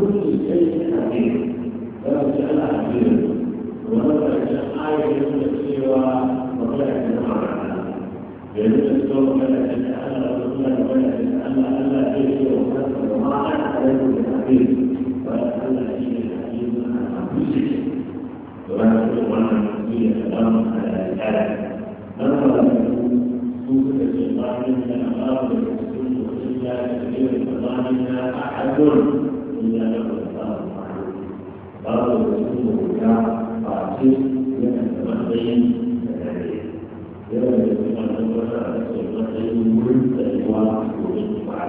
كل شيء حكيم فلو سأل عزيز ولو سأل آية يوم السوى وطلعت المعنى يجب السوء فلا تسأل رسولا ولا تسأل ألا تجد وحسن ومعنى عليكم الحكيم ولا تسأل شيء إلا له الله معلوم قال رسوله يا فاطم من المهدي يوم يكون الأمر على سلطة الملك الواحد والإتباع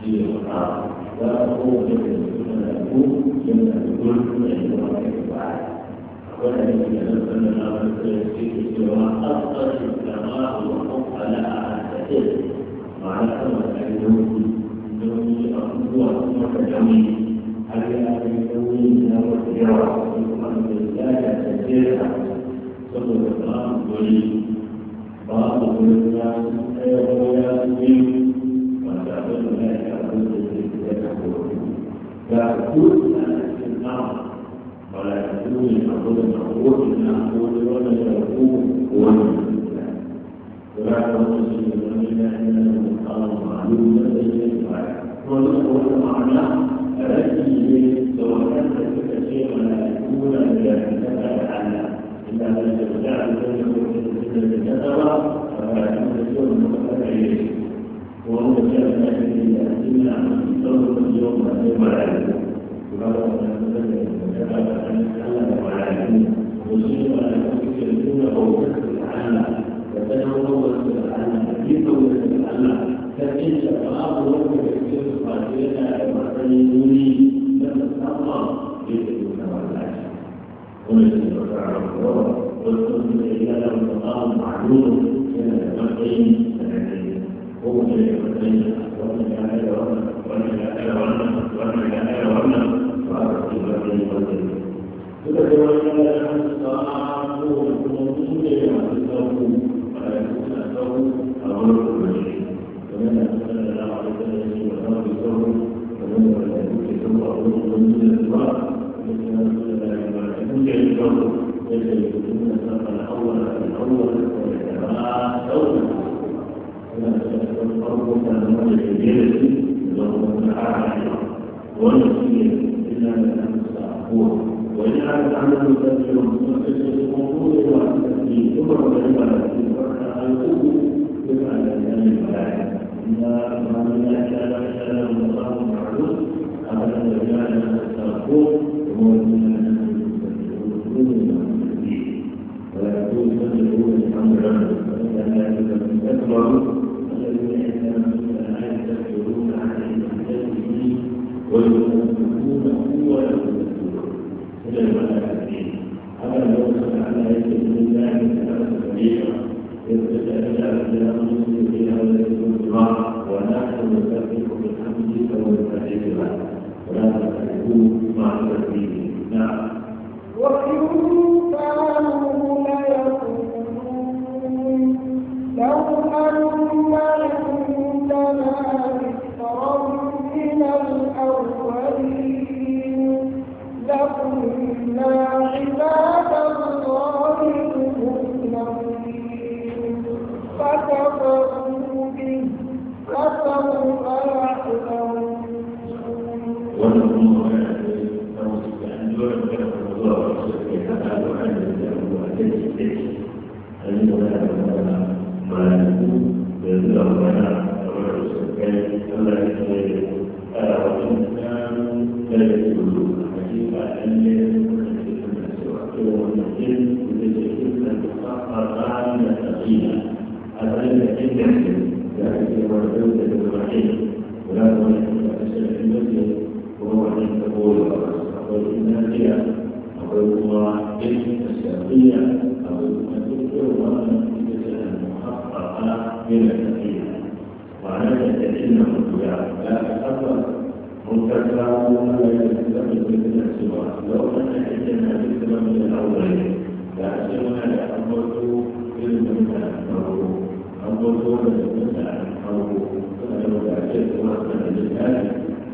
سيرنا لا أقول لك أن أكون من الملك الواحد والإتباع ولكن يتمنى أن تكون سوى أفضل السماء وفوق لها أن تكون معناها أنه wani abubuwa kuma ka jami har ya fi sauyi na wasu yawa ko kuma da ya da tafiyarsa saboda babu wani babu wani ya su ɗaya ko ya su biyu ba tare da ya yi abin da zai fiye da kowace ga ku na cikin nama ولا يكون يعبد المعبود من معبود ولا يكون هو المعبود ولا يكون يعبد الله الا هو معلوم لديه ونقول معنا التي لو كانت تكثير من يكون الكتاب على إلا من يرجع بين الكتاب فلا يكون مقتدى إليه وهو كان يأتي يأتينا عن صوت اليوم ولا يكون وهذا من الكتاب عن الحلال ولا يكون وسيء أن يكون كثيرا أو كثيرا عنه فتنوى وسيء عنه كثيرا وسيء عنه sarki da ba a wanda da ke su ba su yana da matsayin wuri na musamman da ya ke da wallahi wani da ke da rawa wasu su da ya da musamman ma'alumu yana da matsayin da na ne ko kuma da matsayin wannan ya haɗa wannan wannan ya haɗa wannan wannan ya haɗa wannan ba a ce ba ne wanda ne. Suka ce wani ya haɗa wannan ko kuma su ne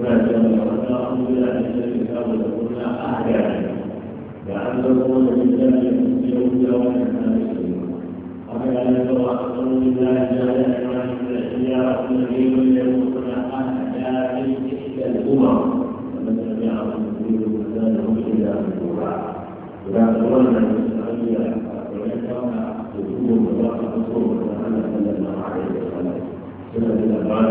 ولكن لو أن بلا أن يشرك أبدا كنا أعداء لعله قول بالله يؤمن وأن أما أن يرى أقول بالله جل وعلا يا رب العالمين يقول كنا أعداء تلك الأمم ومن سمعهم يريد فزادهم إلى نفورا ويقولون أن إسرائيل ويكون قلوبهم وقت قصور وتعالى صلى الله عليه وسلم سنة الأبرار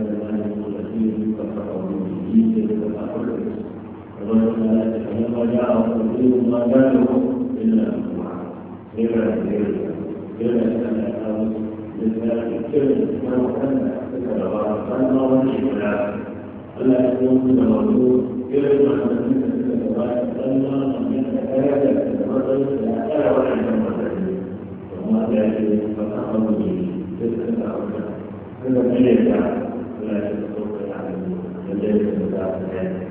والملائكة لما جاءهم تقول ما قالوا إلا مجموعة إلا غير إلا أن الأرض لذلك كل ما وكان تتلوى فأنا وجه ولا ألا يكون المولود كل ما وكان تتلوى فأنا من يتكاد تتلوى فأنا وجه ولا وما ذلك فتحرمني تلك الأرض هذا ما يدعى لا يتطلع على الذي يتطلع عليه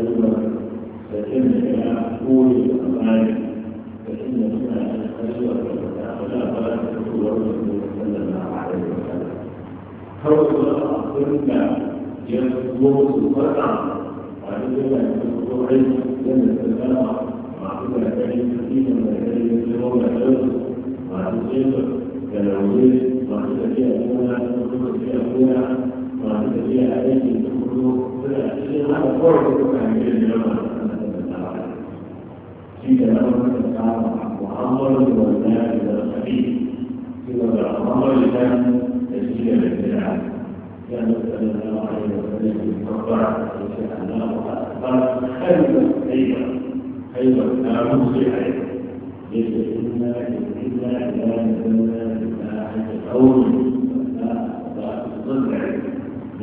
الكلمة لكن لا أقول الأمانة فإن لا فلا تقول رسول صلى عليه وسلم حول أخبرنا يطلب القطع وعندما يطلب علم لم يتسامح مع كل كلمة فيه من كلمة يوم الأرض مع الشيخ كالعوزيز مع كل شيء هنا وكل شيء هنا masu tafiya a yankin da kudu suna cikin haka kawai da suka hanke da yawa da suna da tsara shi da na wata tsara muhammadu da wani ya da sabi shi da ga muhammadu da da shi da da kira ya da da da na wani da wani da babbar da shi allahu akbar khairu khairu khairu na musu khairu yake inna inna ila inna ila hajj qawmi la la tadhlu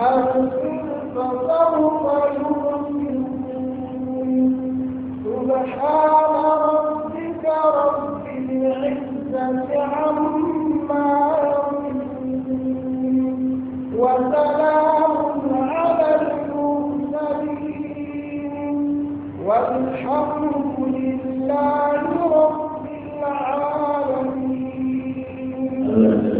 فعلتم فسوف يؤمنون سبحان ربك رب العزة عما يصفون وسلام على المرسلين والحمد لله رب العالمين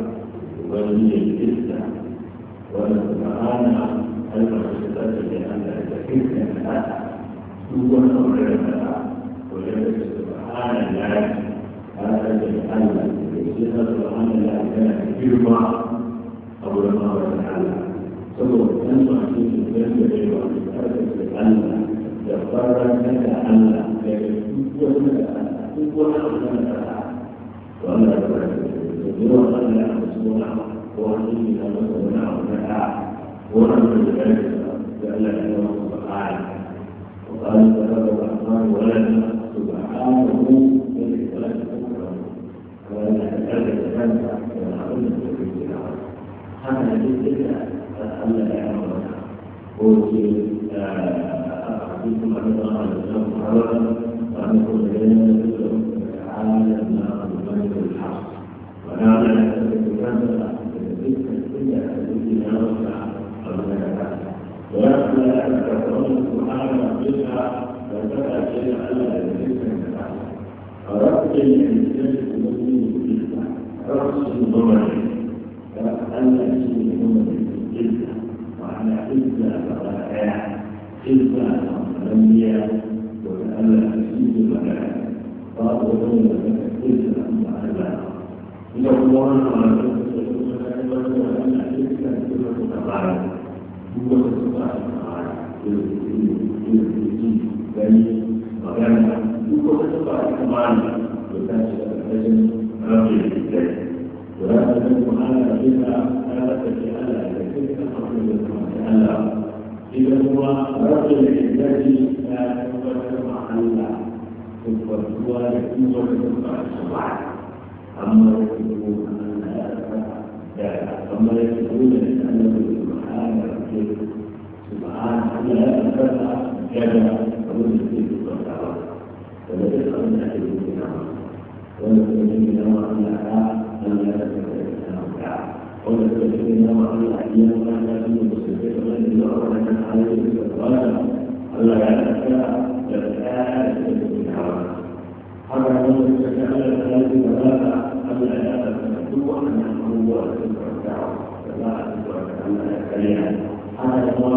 عملية الإسلام والقرآن أيضا صفات لأن تلك الآية هو أمرنا ولذلك سبحان الله هذا الأمر صفة سبحان الله كانت كلمة أو لما وتعالى سبب أنت عزيز الجنة أيضا هذا الأمر يقرر لك أن لكن هو لك أن هو لك أن وأنا أقول لك أن وأنني لم أتمنع منها ولم ذلك فإلا أنه سبحانه وقال سبب الرحمن ولد سبحانه ملك ولد سبحانه فلا تتكلم عنك ولا أمك في هذا الذكر ألا يعلم منها وفي حديث عن الله عليه وأن كل ليلة تعالى الله بملك الحق ونعلم أن ولولا أن تكون سبحانه بها لفتح شيء ألا يدركنا أردت أن يمتلك المؤمن بالله رأس الضمر فألا يسمي المؤمن بالله وعلى إلا فقاعة إلا فقاعة وألا يسمي الملائكة قال وإن لك إلا فقاعة إن الله على ذلك وأن إلا فقاعة duk wata suka a kamara irin irin irin gani magana duk wata suka a kamara to ta ce a ƙarƙashin rabin gani to za ta zama kuma ana rafika ta rafafi Allah da kai ta kafin da kuma ta Allah idan kuma rabin gani ta tabbatar ma Allah tabbatuwa da duk wata suka a kamara amma da kuma Allah da kamar yadda kuma da Allah سبحان الله فتح جل ومن في الصلاة ولا تقل من أهل الكلام ولا تقل من أهل الكلام ولا تقل من أهل الأيام ولا تقل من المسلمين ولا تقل من أهل الكلام الله يعلمك لا تكاد تكون حتى لو تتكلم بهذه الثلاثة قبل أن تكون أنها هو الدعوة فلا تكون أنها كلمة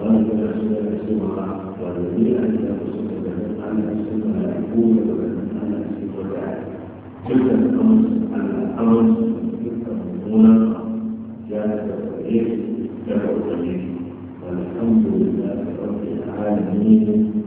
قال فأسأل أسرها والذي أنت أسرك أنا أسرها يقول أنا أسرك تلك الأمس على الأمس تلك المنى جاءت الخير كفر الخير والحمد لله رب العالمين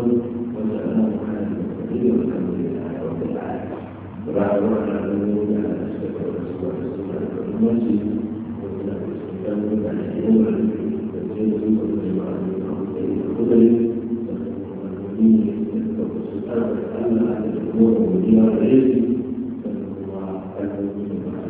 الرسول وسلام على المرسلين والحمد لله رب العالمين برافو على النبي على الصلاه والسلام على المرسلين والسلام والسلام على اليوم والسلام والسلام على المرسلين الخضر والسلام على الامور والديار العلم فهو المؤمن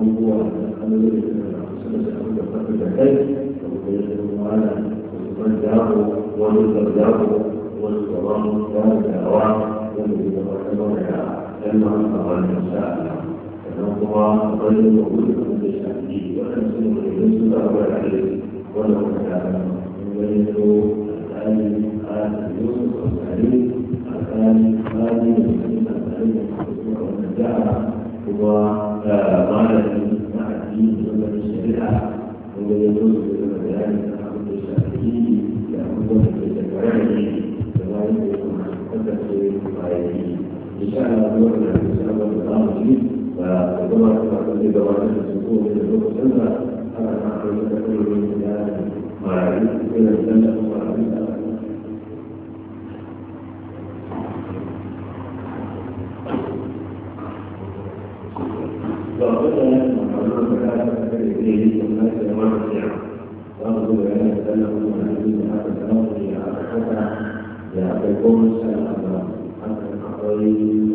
abubuwa da hanyoyi da suka shafi da kafa da kai da kuma yi da mana da kuma jago wani da jago wani da wani da dawa wani da ya wata wani da ɗan masu kawai da sha sannan kuma wani da wani da kuma shafi waɗansu da wani da suka rabu da ne wanda kuma da wani da alƙali a yusuf alƙali alƙali alƙali da kuma alƙali da kuma wanda ja'a kuma الدين ومن شرعها ومن يجوز من ذلك أخذ شرعه يأخذ بشرعه كذلك يكون حتى في قائله إن شاء الله دورنا إن شاء الله بالله فيه فالدور كل دوائر السكون من الدور سنة أنا أعلم أن من ذلك ما يعرف من السنة وما Thank you. فلا تكفر إليه وما سلمان فيها واغفر لنا سلم وعلمنا هذا الأمر يا أختا يا أبا القوم سلم حتى الحقين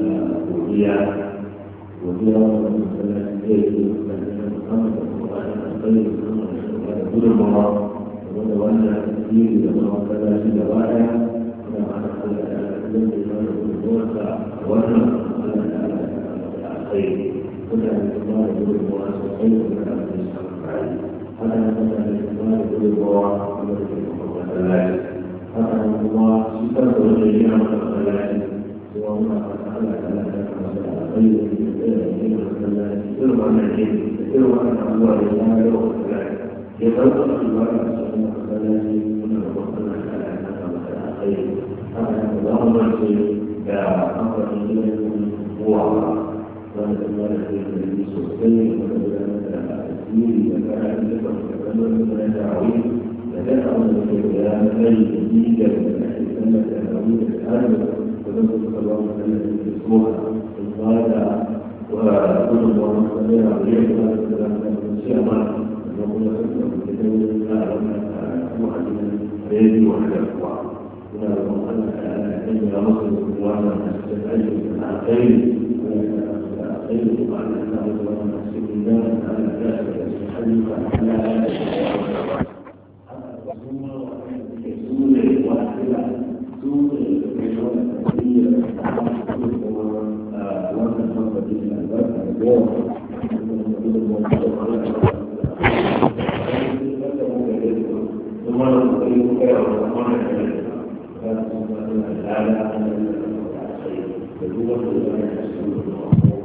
وهي وهي رب فلا تكفر إليه محمد وعلى خير محمد وعلى كل مرة وتولى الدين لما فلا شد واعيا كما على كل الأمر وعلى على خير مثلا الله يقول الله خير من أن يسمع عليه هذا مثلا الله يقول الله يملك المحبة لا هذا الله سبحانه وتعالى مثلا وما فعل على خير من ذلك مثلا يرضى عن العلم يرضى عن الله لا يرضى عنه يتوقف الله سبحانه وتعالى من ربنا على أنه خير هذا الله يقول يا أمر الدين هو الله قال الله لديك النبي سلطان ولقد انت اسير وكان عندك متكبر فلا تعويض فتدعو لك يا مثل جديد ومن احد سنه تعويض الان فنزل صلى الله عليه وسلم في الصوره قال وقل اللهم صل عليه وعلى السلام من شاء اللهم صل وسلم على سيدي وعلى الاخوان ونرى ان يا رسول الله ان تستعجل مع خير أيضا أن أنه رسول الله تعالى كافر يستحلف على Thank you.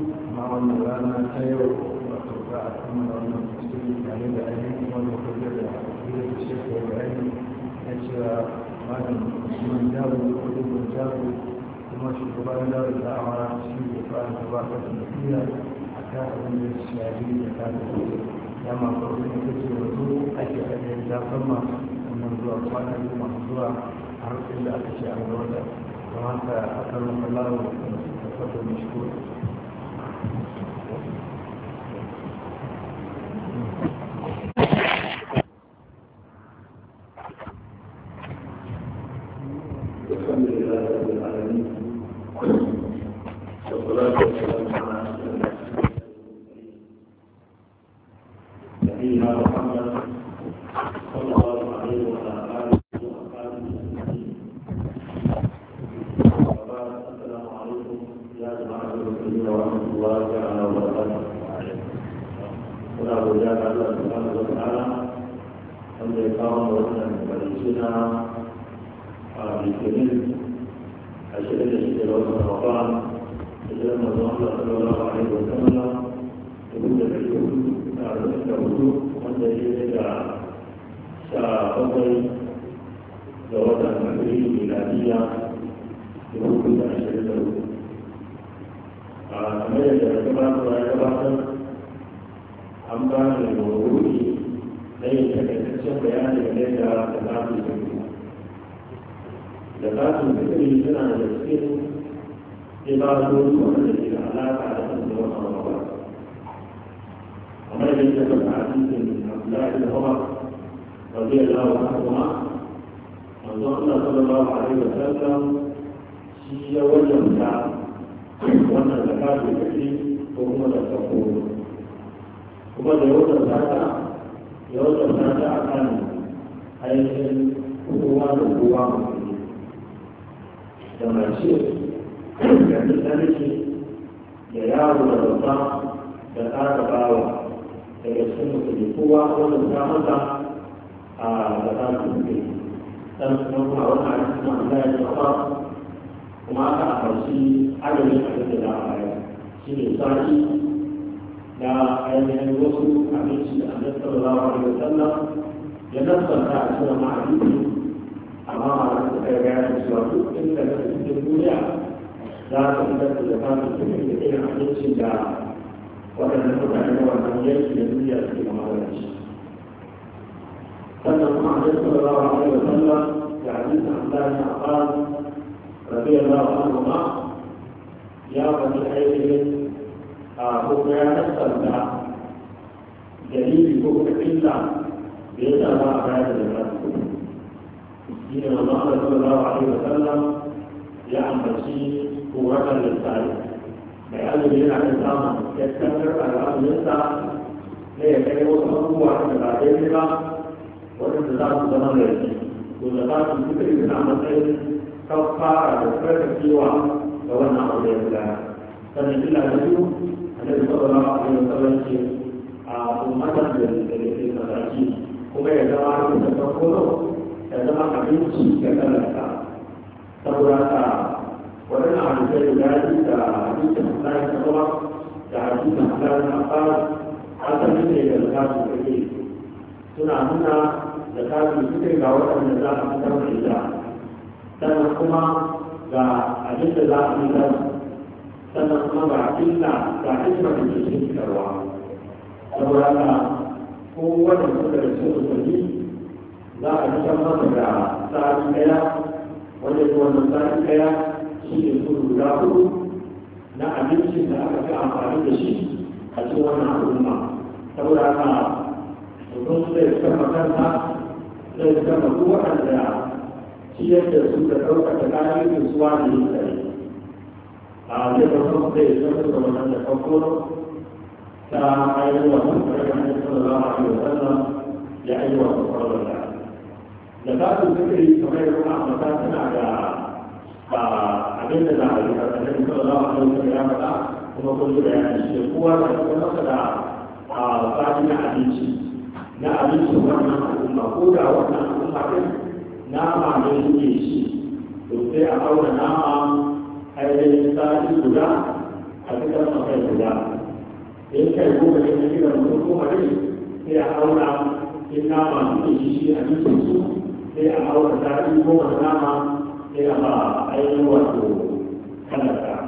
amma wannan rana ta yau a kammala wannan tafsiri tare da ainihin da kuke da na cewa malam usman jabu ko dubban jabu kuma shugaban jabu a kan abin da ya ake ainihin zafin ma wannan kwana biyu zuwa har inda aka ce an ga wata don haka akan da suka Mm-hmm. ليس من حديث من عبد الله بن عمر رضي الله عنهما أن صلى الله عليه وسلم شيء وجهك وأن الزكاة التي وهم لا يتقون وما يوجد الزكاة يوجد الزكاة كان حيث هو هو كما يصير يعني ذلك يا يارب الرضا زكاة باوة daga cikin mutane kowa wannan ta masa a zaɓar musulmi dan su kuma kuma wani a cikin wanda ya zaɓa kuma kuma aka akarci adadin abin da za a bayar shi ne sa'i da ainihin wasu abinci da annabi sallallahu alaihi wasallam ya nasarta a cikin ma'adini amma malam da kai gaya da cewa duk inda na cikin duniya za ka fitar da zaɓar musulmi da irin abincin da waɗanda mutane wannan yanki da duniya suke da magana sannan kuma a cikin sallallahu alaihi wa sallam da hadisin Allah ya fara rabi Allah anhu ma ya bani ainihin a kuma ya nasarta dalili ko kuma illa da ya sa a bayar da zakatu shi ne Allah sallallahu alaihi wa sallam ya ambaci kowakan lissafi 每家都一样，是吧？这城市也一样，是吧？那些什么路啊，是吧？这些啊，我就知道是不能乱停，我知道自己可以停，但是搞坏了，还有个希望，给我拿回来噻。但是现在路，现在做得到没有责任心？啊，不安全，这个这个东西，后面再拉一些车过路，再拉点东西进来噻，要不然呢？wannan abu da ya yi da dukkan tsarin kasuwa da dukkan tsarin kasuwa asalin da ya zaka su suna nuna da kafi cikin ga waɗanda za a fitar da ita sannan kuma ga abinda za a fitar sannan kuma ga illa ga ilma da ke cikin fitarwa saboda haka ko wanda suka da su za a fitar masa da tsarin ɗaya wanda ya zuwa tsarin ɗaya shi ne ko guda hudu na abincin da aka fi amfani da shi a cikin wannan al'umma saboda haka mutum zai kama kansa zai kama duk waɗanda ciyar da su da ɗaukaka kayan su suwa da yin tsaye a zai mutum zai kama da wannan da farko ta ayyuwa sun karɓar hanyar sallallahu alaihi wa sallam ya ayyuwa su farko da da ta su suke yi kamar yana a mata tana da abin da za a yi a tsanin kawai za a kan ya faɗa kuma kun da ya shi da kowa da kuma masa da fadi na abinci na abinci wannan al'umma ko da wannan al'umma ɗin nama ne suke ci to sai a auna nama ainihin sati guda a cikin mafai guda in kai goma ne na gidan mutum goma ne sai a auna in nama suke ci abinci su sai a auna sati goma da nama إلها أي وجه هلك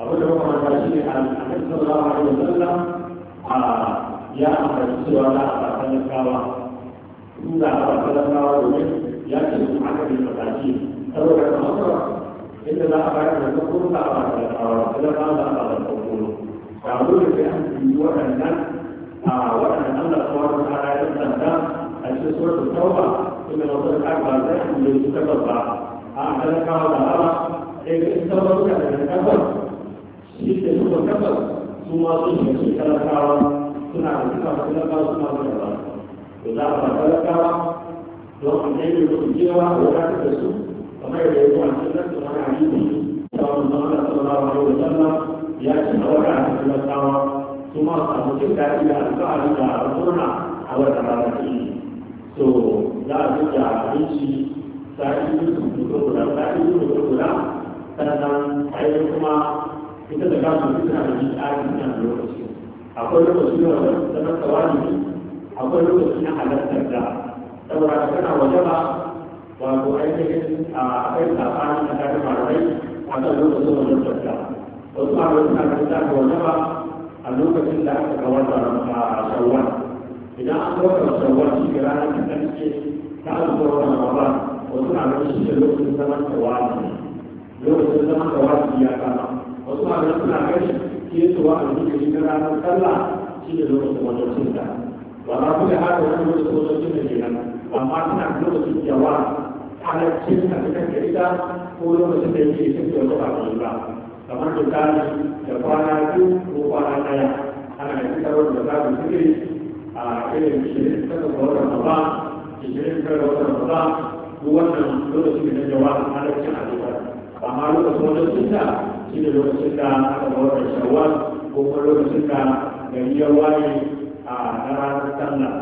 أقول لكم أن الشيء النبي صلى الله عليه وسلم يا أمر السوى لا أتكلم إن أتكلم ومن يأتي معك بالمساجين أقول لكم أمر إن لا أبعد من تقول لا أبعد من تقول لا أبعد من تقول فأقول لك أن وأن وأن الله سبحانه وتعالى يتمنى أن سورة التوبة إن الله تعالى لا يحمل يتكبر a talakawa da hama daga sauran mutane da kasar shi ke suka kasar su ma sun shiga su talakawa suna da suka ma talakawa suna da gaba to za a ba talakawa don a ɗaya da su jewa a wadatar da su kamar yadda ya zuwa cikin nan tsoron hadisi da wani zama da sallallahu alaihi wa sallam ya ce a wadatar talakawa su ma su samu jin daɗi da alfahari da alfurna a wadatar da shi so za a duka abinci sa'in yusuf duka guda sa'in yusuf duka guda sannan ayyar kuma ita da kama suna da shi a cikin lokaci akwai lokaci na wajen sanar da wani akwai lokaci na halartar da saboda ka kana waje ba wato ainihin a kai tsakanin na kare marai a kan lokacin wajen tafiya wasu malamai suna kan ta waje ba a lokacin da aka kawar da shawar idan an kawar da shawar shi ranar da ta ce ta alkawar da wasu na ganin shi da lokacin zaman tawazi lokacin zaman tawazi ya kama wasu na ganin suna ganin ke tuwa a lokacin na ranar sallah shi da lokacin wajen da ba za ku da haka wani lokacin wajen da ke nan amma suna lokacin yawa halaccin a cikin da ita ko lokacin da yake cikin da wata ba ba kamar misali da kwana biyu ko kwana ɗaya ana da fitarwar da za mu fikiri a irin shirin ta da wata ba shirin ta da wata ba duk wannan lokaci da na jawabin halaccin azumar amma lokacin wajen sunna shi ne lokacin da aka ga watan shawwal ko kuma lokacin da gari ya waye a ranar sallah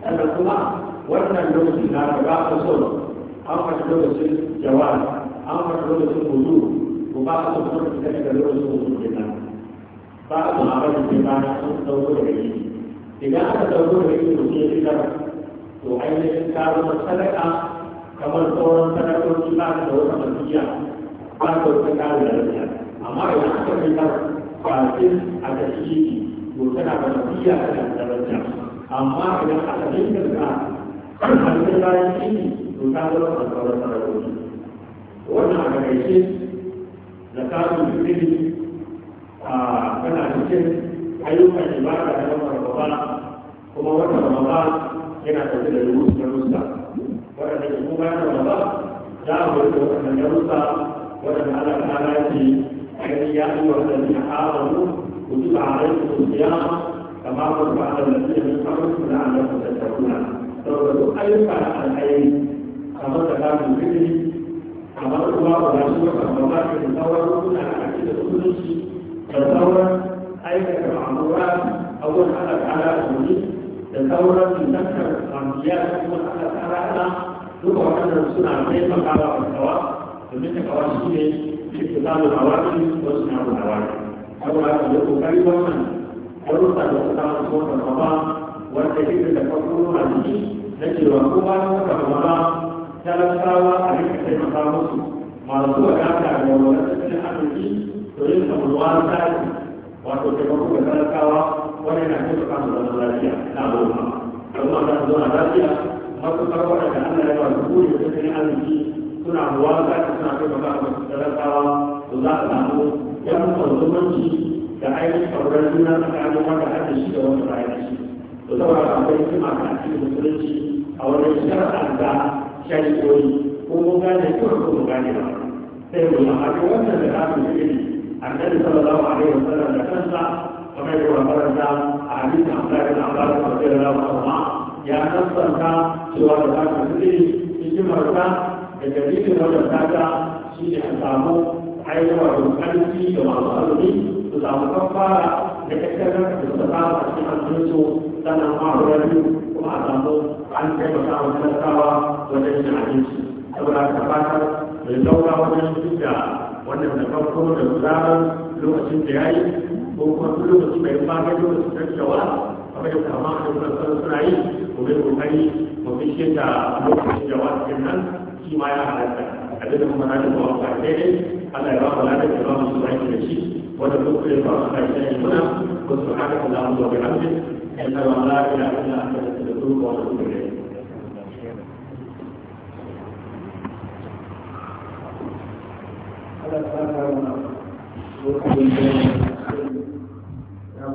sannan kuma wannan lokacin na da ba a so an fata lokacin jawal an fata lokacin hudu ko ba a so kuma tafi da lokacin hudu nan? ba a so a ba bari ke ba na sun dauko Da yi idan aka dauko da yi to ke fitar to ainihin karo sadaka kamar sauran sadakoki ba da wata masiya ba da wata da lafiya amma idan aka kai ta bakin a da shi ne to tana da masiya tana da lafiya amma idan aka kai ta ka harkar bayan shi ne to ta zama da sauran sadakoki wannan a takaice da kamun jirgin a kana cikin ayyukan ibada da wata rababa kuma wata rababa yana ɗauke da rubutu na rusa waɗanda ke kuma yana ramadan za a wuce waɗanda darussa waɗanda ana kana ce gani ya yi waɗanda ya amanu ku ji ba a rai su siya kama ku ba a da siya ne kamar su na an dafa da taruna saboda duk ayyuka na alhairi kamar da kafin fitri kamar kuma ba za su yi kamar ba ke da sauran rukuna a ake da musulunci da sauran aikata ma'amura abubuwan ana kana da da sauran lantar ambiya da kuma ana kana duka waɗannan suna taimakawa a kawa domin ta kawa shi ne cikin zalu a wani wasu na wani wani saboda haka da kokari wannan ɗaruka da suka samu su wata kama wanda shi da farko na jiki na cewa ko ba su wata kama talakawa a rika taimaka musu masu wadata da wani tattalin arziki to yin samuwa tsari wato taimako da talakawa wani na taimaka su da lafiya na goma. Kuma za su zo lafiya matuƙar waɗanda Allah ya ba su kuri da tattalin arziki suna ruwa za ta suna kai maka a masu talakawa to za ka samu yan kwanzumanci da ainihin ƙaurar juna tsakanin wanda aka shi da wanda ba ya shi to saboda akwai hikima ta cikin musulunci a wajen shari'a da shari'o'i ko mun gane kyau ko mun gane ba sai mu yi haka wannan da za mu yi annabi sallallahu alaihi wasallam da kansa kamar yadda wa faranta a hadisin Abdullah ibn Abbas radiyallahu anhu ya nasanta cewa da za ka nufi hikimarka da dalilin wajen taka shi ne a samu aiwa da ƙarfi da masu azumi su samu kafara da kakkarar da su samu a cikin hannunsu sannan ma biyu kuma a samu an taimaka wa talakawa wajen cin abinci saboda ka fatar mai saura wajen duk da wannan da farko da zarar lokacin da ya yi ko kuma lokacin bai fara lokacin tattawa kamar kama amma a yau suna yi mu kokari da lokacin da nan shi ma ya halatta a duk kuma na da ba wa Allah ya ba mu lafiya ya ba mu da shi wanda duk ya ba kai shi muna ko su haka da Allah mu ya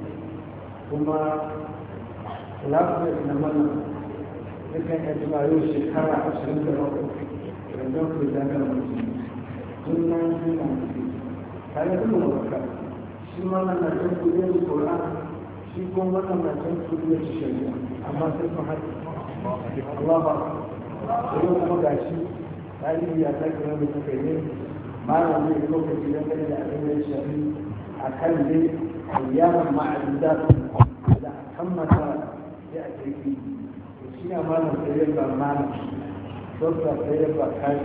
kuma lafiyar da wannan dukkan ya yau shekara ashirin da bakwai yanzu ku da ga mutum tun na mutum kuma baka shi ma na shi wannan na can shari'a amma sai haɗu Allah ba yi kuma gashi ya yi lokaci da abin da ya shafi a kan dai أيام مع الذات إذا حمس يأتي فيه وشينا ما نسيبا معنا صرت سيبا كان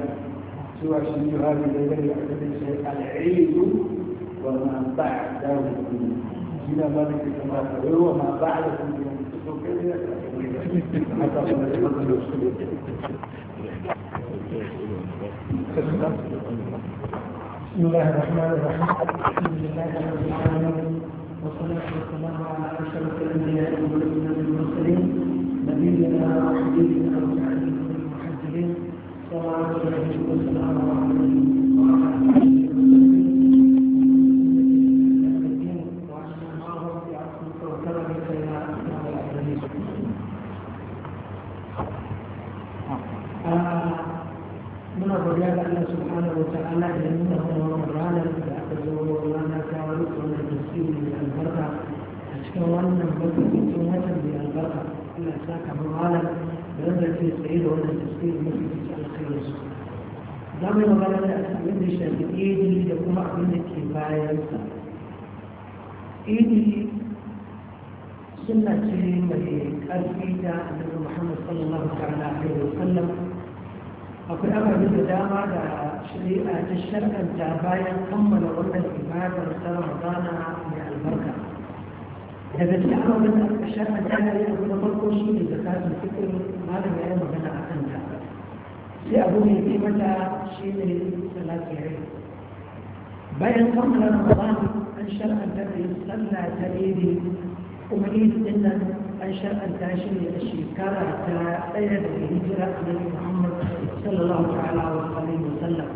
سوى شيء هذه الليلة يعتبر شيء العيد وما بعد شينا ما نسيبا وما بعد Thank you. بسم الله الرحمن الرحيم الحمد لله رب العالمين والصلاة والسلام على أشرف الأنبياء والمرسلين نبينا وحبيبنا وسعيدنا المحجلين صلاة الله وسلامه عليه وعلى آله muna godiya ga Allah subhanahu wa ta'ala يعني إيه إيه قال بنظر في السعيد وانا التسكير ممكن تسأل خير الصلاة دام يوغانا أسألين لشهدئيدي لكم أعلم كفاية الصلاة إيدي سنة سليمة لأرفيتا النبي محمد صلى الله عليه وسلم akwai ababen da dama da shari'a ta shar'anta bayan kammala wannan ibadar ta ramadana mai albarka daga cikin abin da aka shafa tana yi abu na farko shi ne da kasu cikin malam ya yi magana a kan ta sai abu mai ke mata shi ne salati rai bayan kammala ramadan an shar'anta da yin sallah ta idi kuma idi din nan an shar'anta shi ne a shekara ta ɗaya daga hijira a nan muhammad sallallahu ta'ala wa alaihi wa sallam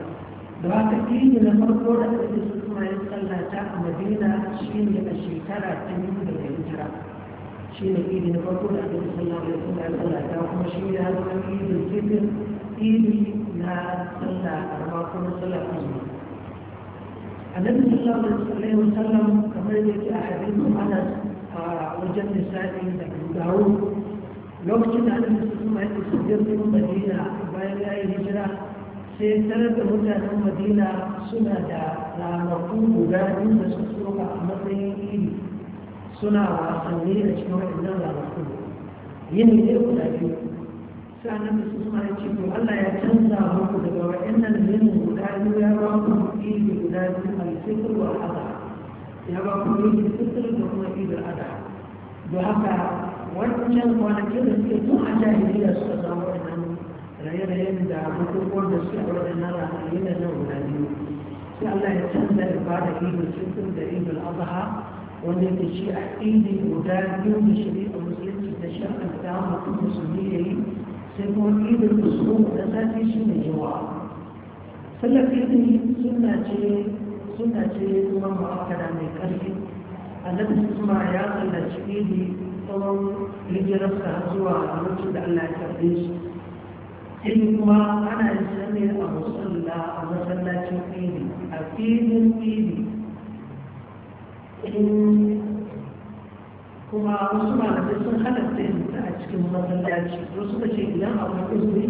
da haka idi na farko da aka yi suna yin sallah ta a madina shi ne a shekara ta biyu da إنه أن النبي صلى الله عليه وسلم كما يأتي أحاديث أنس وجد النساء عند أبي داوود لو كان النبي صلى الله عليه وسلم أن يسجد في المدينة بعد أي هجرة سيترك مدة المدينة سنة لا نقوم بها عند سفرك أمامه suna wasanni da cikin waɗannan labarku yin ne guda biyu sa'annan da su suna da cikin allah ya canza muku daga waɗannan yin guda biyu ya ba ku ibi guda biyu mai sifir wa ada ya ba ku ibi sifir da kuma ibi ada don haka wancan kwanakin da suke tun a jahiliya suka samu waɗannan raye-rayen da bukukuwan da suke a waɗannan ranar yin nan guda biyu sai allah ya canza ibada ibi sifir da ibi al'adaha wanda yake shi a ɗin guda biyu da shari'ar musulunci da shafin ta mutum musulmi ya yi sai kuma idin musulmi na sati shi ne yawa sallar idin suna ce suna ce kuma ma'akada mai ƙarfi annabi kuma ya tsallaci idi tsawon hijirarsa zuwa lokacin da allah ya karɓe shi idi kuma ana yin sani a musalla a masallacin idi a filin idi kuma wasu malamai sun halatta yanzu a cikin masallaci wasu da ce idan abu na uzuri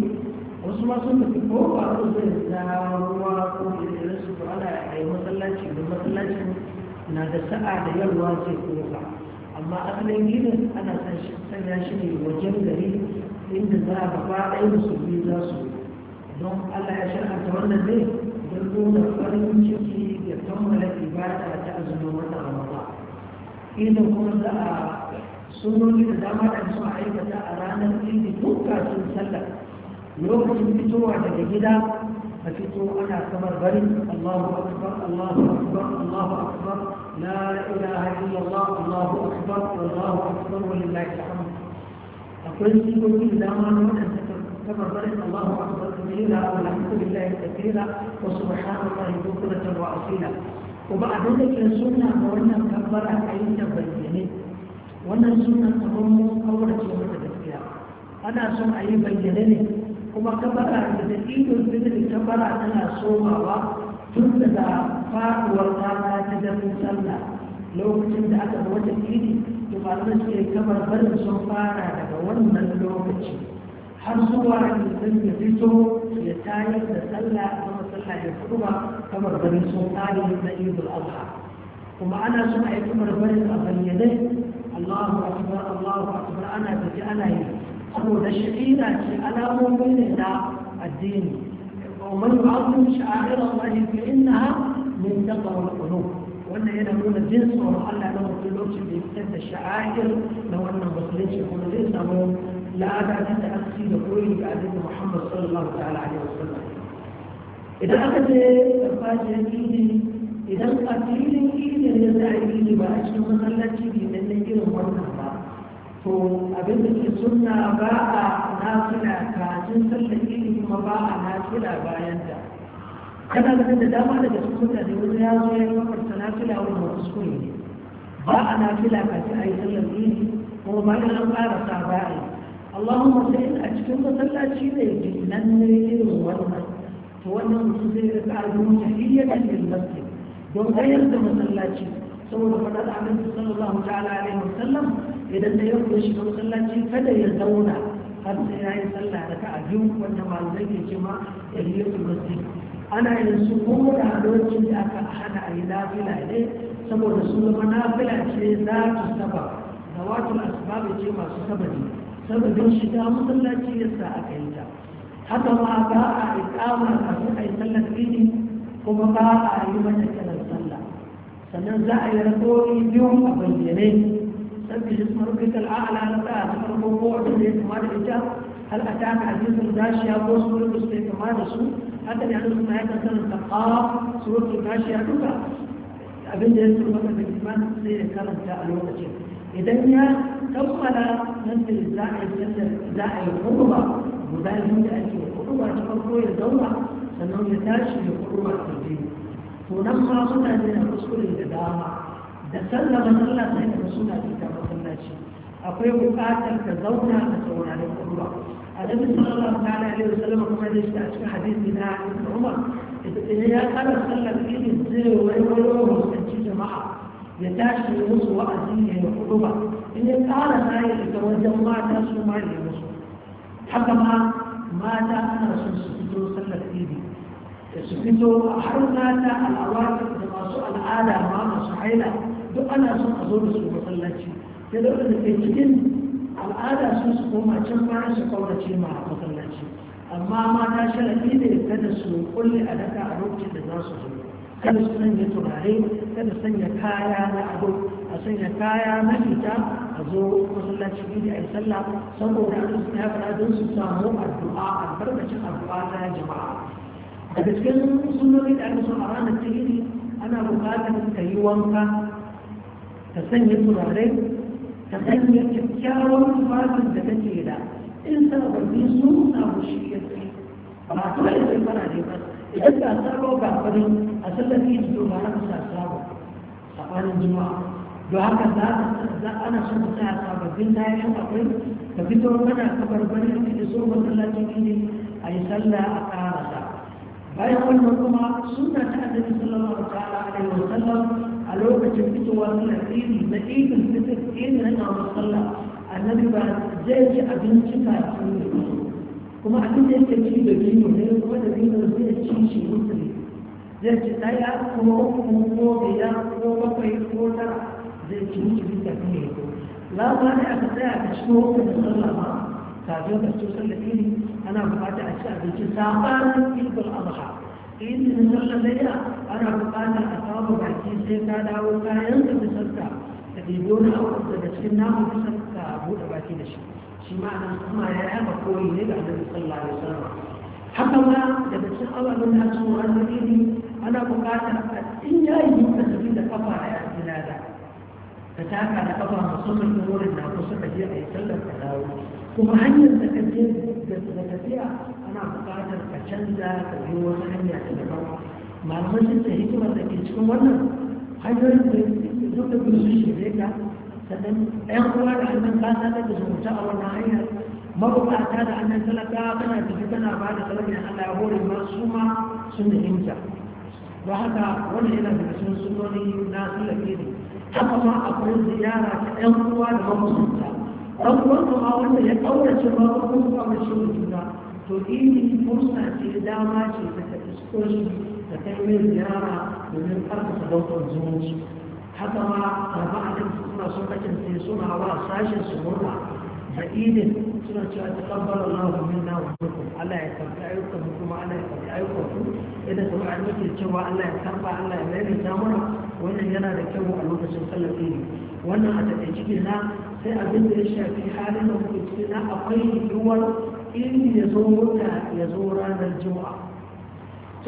wasu ma sun tafi ko ba uzuri na ruwa ko irin su ko ana a yi masallaci don masallacin na da sa'a da yalwa zai kofa amma asalin gidan ana sanya shi ne wajen gari inda za a gaba ɗaya musulmi za su don allah ya shar'anta wannan ne don nuna farin ciki da kammala ibada ta azumin wata idan kuma za a sunoni da dama da sun aikata a ranar idi duk kafin sallar lokacin fitowa daga gida a fito ana kamar bari Allahu akbar Allahu akbar Allahu akbar la ilaha illallah Allahu akbar Allahu akbar walillahi alhamd akwai sunoni da dama na wadanda كما قالت الله أكبر كبيرا والحمد لله كثيرا وسبحان الله بكرة وأصيلا kuma a lokacin suna a wannan kabbara a yi ta bayyane wannan suna kamar mun kaurace mata gaskiya ana son a yi bayyane ne kuma kabbara da da idon fitri kabbara tana somawa tun daga faduwar rana ta dafin sallah lokacin da aka wata idi to malamai suke kamar barin sun fara daga wannan lokaci har zuwa da ya fito ya tayar da sallah يكون عمر بن سلطان بن عيد الاضحى وما انا سمعت عمر بن الاضحى يدي الله اكبر الله اكبر انا بجانا ابو تشكينا انا مؤمن لا الدين ومن يعظم شعائر الله فانها من تقوى القلوب وأن هنا نقول الدين صور الله لو في الوقت اللي يبتدى الشعائر لو ان المصريين يقولوا ليس لا بعد تاكيد قوي بعد محمد صلى الله عليه وسلم idan aka ce farfajiyar fili idan a filin fili ne za a yi ba a cikin masallaci ne na irin wannan ba to abin da ke suna ba a nafila kacin sallar fili kuma ba a nafila bayan da kana ganin da dama daga cikin mutane wani ya zo ya mafarta nafila wani wasu kuri ne ba a nafila kacin a yi sallar fili kuma ba in an ƙara sa ba a yi Allahumma sai a cikin masallaci ne jinan ne irin wannan to wannan mutum zai rika azumi tahiyatan lil masjid don tsayar da masallaci saboda fadar annabi sallallahu ta'ala alaihi Sallam. idan da yau shi ga masallaci kada ya zauna har sai ya yi sallah da ka'a biyu wanda malamai ke ce ma tahiyatul masjid ana yin su ko da halarci da aka hana a yi nafila ne saboda su zama nafila ce za su saba da wato asbabi ce masu sabani sababin shiga masallaci yasa aka yi ta haka ma ba a ikamar kafin a yi sallar fili kuma ba a yi mata kiran sallah sannan za a yi rakori biyun a bayyane sabbi shi kuma rubuta al'ala na tsaya ta farko ko wata da ya kama da ita hal a taka hadisin gashiya ko surutun su ya kama da su haka ne hannun suna yakan sanar da ƙawa surutun gashiya duka abin da ya suru masa da kimanin sai ya karanta a lokacin idan ya kammala nan da za a yi sallar za a yi kuma guda biyu da ake kuɗuwa ta farko ya zauna sannan ya tashi ya kuɗuwa ta biyu to nan ma mutane na kuskure da dama da sallah sallah sai da suna fita masallaci akwai buƙatar ka zauna a sauraron kuɗuwa النبي صلى الله تعالى عليه وسلم كما يشتعش في حديث من ابن عمر إذا قال صلى فيه الزر ويولوه في جماعة يتاشي يوصو وأزيه وقلوبة إن قال سعيد يتوجه ما تاسو ما يوصو haka ma mata ana son su fito sallar idi da su fito a har mata al'awata da masu al'ada ma masu haila duk ana son a zo da su masallaci sai da wanda cikin al'ada sun su koma can bayan su kaurace ma masallaci amma mata sharafi ne kada su kulle a daka a lokacin da za su zo kada su sanya turare kada su sanya kaya na ado a sanya kaya mafita a zo masallaci ne a yi sallah saboda an su ya fara don su samu addu'a albarkacin addu'a ta jama'a daga cikin sunnoni da aka so a ranar ta yini ana buƙatar ka yi wanka ka sanya turare ka sanya kyakkyawan tufafin da kake da in sababbi sun samu shi yanzu ba ta yi zai fara ne ba idan ba sabo ba fari a sallafi su ba na kusa sabo a kwanan juma'a don haka za ana so mu tsaya sababbin kayan akwai ka fito mana kabar bari ka iso masallacin ne a yi sallah a ƙarasa bayan wannan kuma sunna ta annabi sallallahu alaihi wa sallam a lokacin fitowa na tsiri na ibn fitr in yana musalla annabi ba zai ci abinci kafin ne kuma abin da yake ci da dino ne kuma da dino zai ci shi mutum zai ci ɗaya ko kuma ko biyar ko bakwai ko tara zai ci musu duka kan yi ko lawa ne aka tsaya a cikin hukumin sallah ma kafin ka so sallah ne ana bukata a ci abinci sabanin ibul adha in sallah layya ana bukata a samu baki sai ka dawo kayan ka bisarka da bibiyo na abu daga cikin namu bisarka buɗe baki da shi shi ma'ana kuma ya yaba koyi ne ga annabi sallallahu alaihi wasallam haka ma daga cikin ababen da su wani ne ana bukatar in ya yi yin da kafa a yanzu na da فتعامل على طبعا خصوص الأمور إنها خصوص كثير أي سلة تداول ومهنيا تكتير بتتبيع أنا بقاعدة كشنزة كبيرة مهنيا تدبر ما لمش تهيك ما تكيشكم ولا حاجة تدوك بلوش بيكا sannan ɗan uwa da annan ba sa da zumunta a wannan hanyar mabukata da annan talaka kana tafi kana ba da talaka Allah ya hore ma su ma sun da himta ba haka wannan yana da cikin sunoni na sallafi ne haka ma akwai ziyara ta ɗan uwa da mamusunta ɗan uwan ma wanda ya ƙaurace ma ko kuma mai shi juna to ini fursa ce dama ce da ta isko shi da kai mai ziyara domin ƙarfafa daukar zumunci haka ma karɓa a kan suna sun kakin sai suna wa sashen su murna da idin suna cewa ta kabbala na wa minna wa minkum Allah ya karbi ayyukan mu kuma ya karbi ayyukan ku idan kuma an yake cewa Allah ya karba Allah ya mai ta mana wannan yana da kyau a lokacin sallar idi wannan a ciki na sai abin da ya shafi halin da muke ciki na akwai yiwuwar idi ya zo wata ya zo ranar juma'a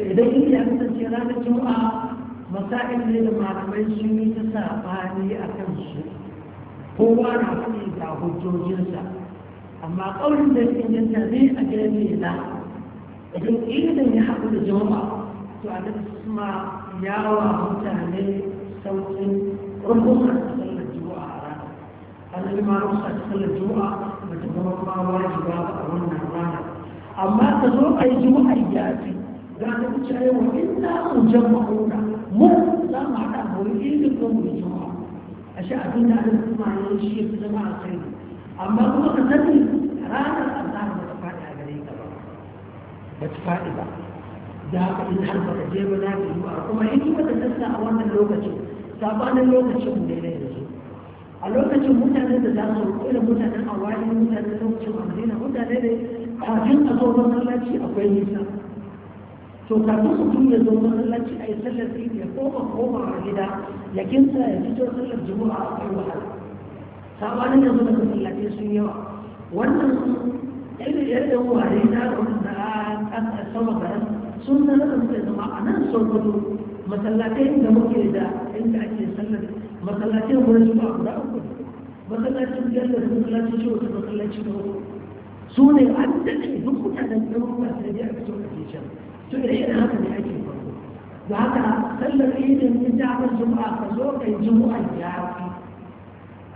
to idan idi ya kasance ranar juma'a masa'il ne da malamai sun yi ta sabani a kan su kowa na faɗi da hujjojinsa amma ƙaurin da inganta ne a gidan ne na idan ilimin ya haɗu da jama'a to a nan kuma yawa mutane sauƙin rukunar sallar juma'a a ranar an yi ma rukunar sallar juma'a ba ta zama ma wajiba a wannan rana amma ka zo a yi juma'a ya fi za ka fi cewa in za mu jama'a mu za mu haɗa mu yi ilimin mu juma'a a shi abin da ana kuma ne shi ya fi zama a kai amma kuma ka sani ranar azhar ba ta faɗi a gare ka ba ba ta faɗi ba da haka in har ba ka je ba za ka yi ba kuma hikima da sassa a wannan lokacin sabanin lokacin mu daidai da su a lokacin mutanen da za su kula mutanen awali mutanen lokacin a madina mutane ne kafin a zo masallaci akwai nisa to kafin mutum ya zo masallaci a yi sallar idi ya koma koma a gida ya kinsa ya fito sallar juma'a a kai wahala sabanin yanzu da masallaci sun yawa wannan ɗaya yadda ware na wanda a sama garin sun na da suka zama a nan sau kudu masallatai inda muke da inda ake sallar masallatai wurin su ba guda uku masallacin jalla da masallacin shi wata masallaci na uku su ne an daɗe duk mutanen ɗan ruwa sai dai a fito a to ire iren haka ne ake ba da haka sallar idin in ta haɗa juma'a ka zo ka yi juma'a ya fi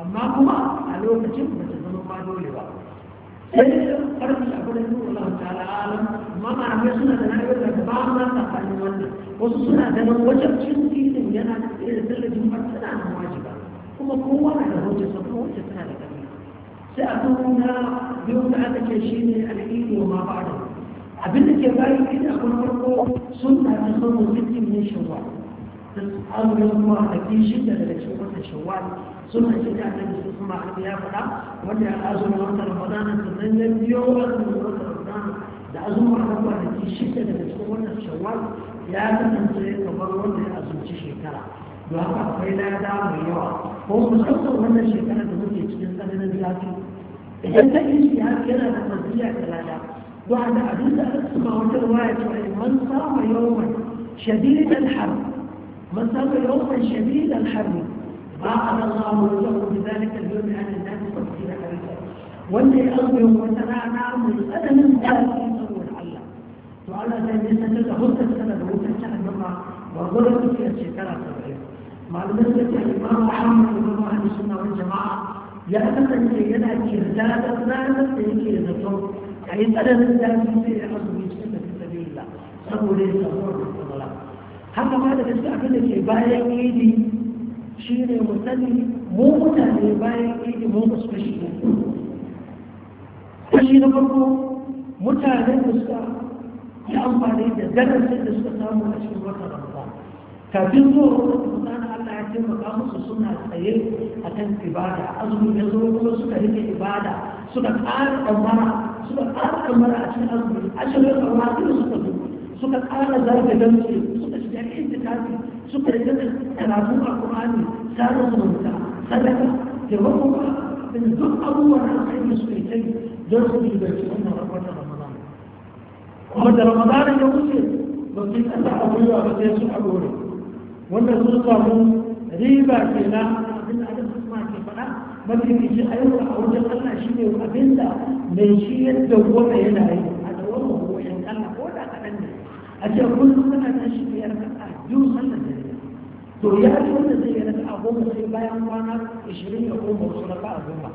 amma kuma a lokacin ba ta zama ba dole ba sai da ƙarfi a kudin nuna Allah ta'ala alam amma malamai suna da na'ayyar da ba ma tsakanin wannan wasu suna ganin wajen cin idin yana da sallar juma'a tana nan wajiba kuma kowa na da hujjarsa kuma wajen tana da ƙarfi sai a kan na biyu da aka ce shine al'idi wa ma ba'da abin da ke bayan kida kun farko sun na da samun sittin ne shawwal kuma a kishi da daga cikin wata shawwal suna da su kuma har ya faɗa wanda ya azumin wata ramadana sannan ya biyo azumin wata ramadana da azumin wata kwanaki shida daga cikin wata shawwal ya kasance kamar wanda ya azumci shekara don haka akwai lada mai yawa ko musamman wannan shekara da muke cikin tsananin zafi idan ta ishi yana da fasiya da lada بعد أن أسمع الرواية من صام يوما شديد الحر من صام يوما شديد الحر بعد الله له بذلك اليوم عن الناس تفكير حريصا واللي أظلم وتنع نعم الأدم ذلك وعلى ذلك يستجد هدى السنة هدى السنة مرة وغلق في الشكرة السبعية معلومات الإمام محمد إمام أهل السنة والجماعة يأتمن في يدها كردادة ذلك في كردادة يعني انت انا انت احمد بن سبيل الله سبوا لي سبوا haka ma da gaske abin da ke bayan idi shi ne mu sani mu mutane bayan idi mun kasu kashi kashi na farko mutanen da suka yi amfani da darasin da suka samu a cikin wata ramba kafin zuwa wata mutane Allah ya taimaka musu suna tsaye a kan ibada azumi ya zo kuma suka rike ibada suka ƙara ɗaumara suka ƙara ɗaumara a cikin azumi ashirin ɗaumara ɗin suka zo suka ƙara zarga damsu suka shiga intikafi suka yi daga karatu a ƙur'ani sada zumunta sadaka taimakon ba da duk abubuwan da aka yi su kai don su yi da cikin na wata ramadan kuma da ramadan ya wuce ba su yi ƙasa a gwiwa ba sai su a gore wanda sun samu riba kenan mafificin ayyuka a wajen Allah shi ne abinda mai shi yadda goma yana yi a tsawon wajen Allah ko da kaɗan ne a ce kullum kana nan shi biyar a biyu sallar da to ya ce wanda zai yi raka a goma sai bayan kwana ishirin ya koma wasu raka a goma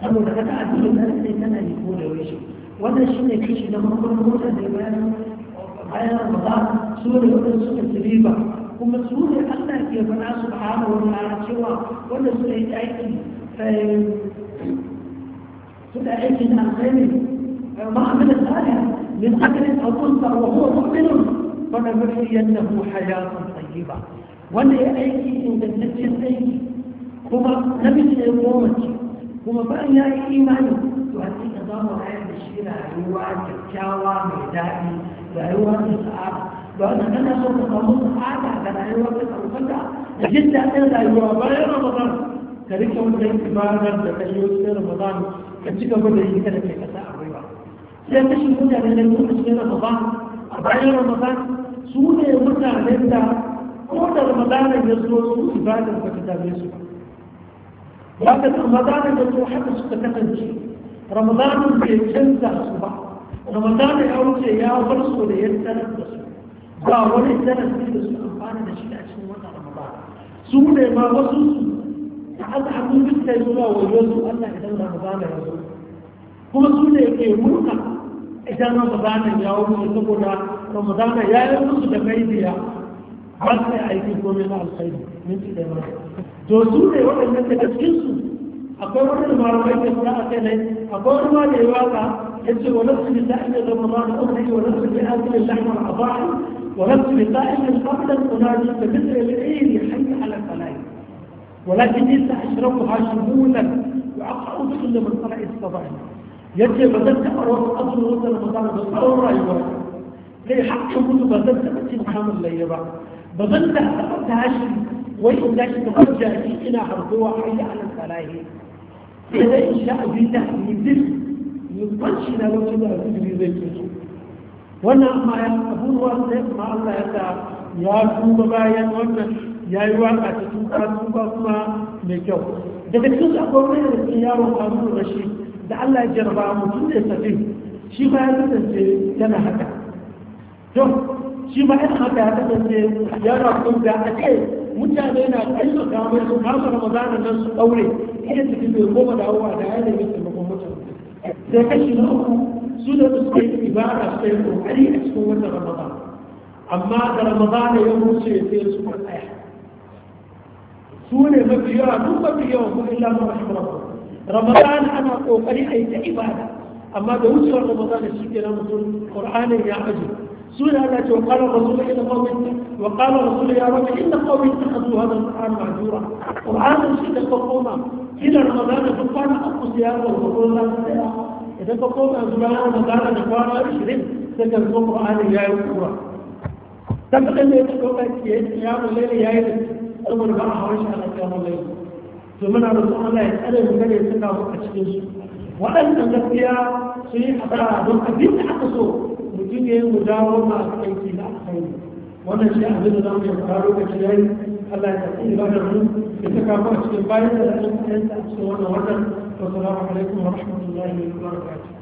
saboda raka a biyu na sai tana yi ko da yaushe wannan shi ne kishi na makon mota da bayan bayan ramadan su ne wadanda suka ci kuma su ne Allah ke faɗa subhanahu wa ta'ala cewa wanda suka yi aiki كده عيش هنا الخيمي ما عمل الآلهة من أكل أو تنصر وهو مؤمن فنبرينه حياة طيبة wanda ya aiki ingantaccen aiki kuma namiji ne ko mace kuma bayan ya yi imani to a cikin za mu rayar da shi rayuwa kyakkyawa mai daɗi rayuwa ta sa'ada da wanda kana so ka samu sa'ada da rayuwa ta ɗaukaka da jin daɗin rayuwa bayan ramadan ka rike wannan ibadar da ka yi wasu ramadan ka ci gaba da yi kada kai kasa a baiwa sai ka shi mutane da lokacin ramadan a bayan ramadan su ne mutanen da ko da ramadan ya zo su ibadar ba ta dame su ba ka ramadan ya zo haka suka kasance ramadan bai canza su ba ramadan ya wuce ya bar su da yadda da su ba wani darasi da su amfana da shi a cikin wannan ramadan su ne ma wasu su aka abin dukkan zuwa wajen su Allah idan Ramadana ya zo kuma su ne ke murka idan Ramadana ya wuce saboda Ramadana ya yi musu da gaibiya ba su yi aiki komai na alkhairi min su da mara to su ne waɗannan daga cikin su akwai wani malamai da kuma a kai akwai wani ma da ya waka ya ce wa nafsu bi ta'in da Ramadana umri wa nafsu bi akil lahmar abahi wa nafsu bi ta'in qabla al-qunadi fa bidra al-ayn hayy ala al-falaih ولكن ليس أشرفها شمولا وأقعد إلا من طلع الصباحي يجي بدأت أروح أصل وزن رمضان بالأول رأيوة كي حق كنت بدأت أتي محمد ليبا بدأت أتبت هاشم وإن لاش في أتينا حرضوها حي على الفلاهي إذا إن شاء بيته يدل يطلشنا لو كده أتجري زي وأنا ما يقبل وأنا ما الله يتعب يا كوبا يا وأنا ya yi waka ta tuka tuka kuma mai kyau daga cikin akwai wani da cikin yaron da rashid da allah ya jarba mutum da ya shi ma ya kasance yana haka don shi ma yana haka ya kasance yana da a kai mutane na ayyuka mai su kasa ramadanin nan su daure iya cikin bai koma dawowa da ya da nemi taimakon mutane sai kashi na uku su da suka yi ibada su yi kokari a cikin wannan ramadan amma da ramadan ya wuce sai su tsaya سورة مبيوعة دون مبيوعة قل إلا ما رحم ربك رمضان أنا أوقري أي عبادة أما ده وصل رمضان الشيء كنا نقول قرآن يا عجل سورة التي وقال الرسول إن قوم وقال الرسول يا رب إن قوم اتخذوا هذا القرآن معذورا قرآن الشيء تقوم إلى رمضان فقال أقص يا رب وقول لا إذا تقوم أزمان رمضان نقوم أشرب سكن قرآن يا رب تبقى أن يتقوم يا الليل يا رب saboda ba a hawan shi ana kyawun laifi to muna da su Allah ya tsare mu gare su kawo a cikin su waɗannan gaskiya sun yi hadara don abin da aka so mutum ya yi mu dawo masu aiki da aka yi wannan shi abin da zamu yi fara lokaci ya yi Allah ya tafi ibadar mu ya ta kafa a cikin bayan da za a yi a cikin wannan wannan wasu alaikum wa rahmatullahi wa barakatuh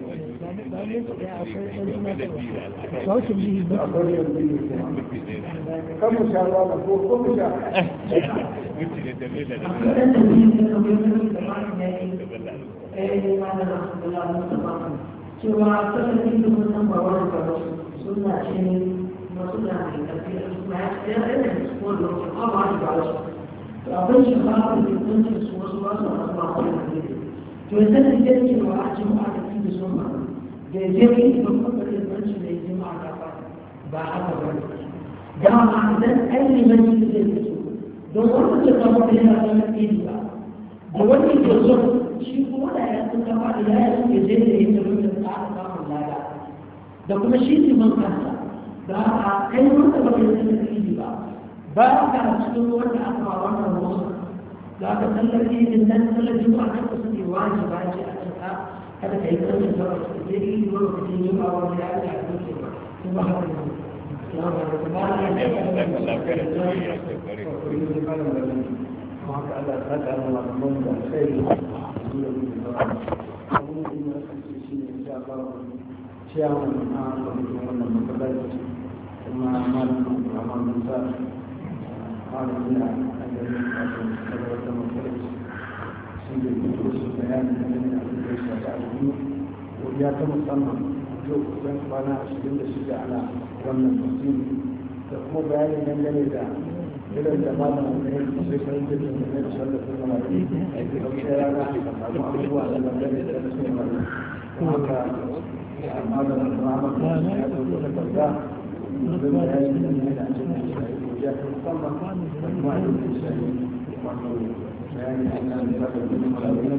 cewa kasance wannan a الجميع بقدر المنشن يجمع الأقل بعد ذلك جامعة أي منشن يجمع دورة تتبع لها تمثيل دورة تتبع شيء ولا يتبع لها يجمع يجمع الأقل da kuma shi liman kansa da a kai wanda ba ka yi tsarki ba ba ka cikin wanda aka ba wannan ruwan da aka tsallafi din nan tsallafi ba a kan kusa ne wajiba ce a kan kada ka yi tsanin da wasu jiri da wasu jini ya a cikin ba ne ya ba ana da ya da ya kare ba ba ya ne ya ba inda yake su bayanin da ne a cikin shafi a duniya godiya ta musamman yau kusan kwana ashirin da shida ana wannan mutum da kuma bayanin dangane da irin da malam da ya fi sai kan da ke da shi da kuma da ya fi ɗauke rana a samu abubuwa da dangane da su ne kuma ka amma da rahama da ya zo da kaza Thank you. السلام عليكم ورحمة الله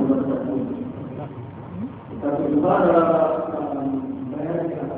وبركاته. فقد قال بيان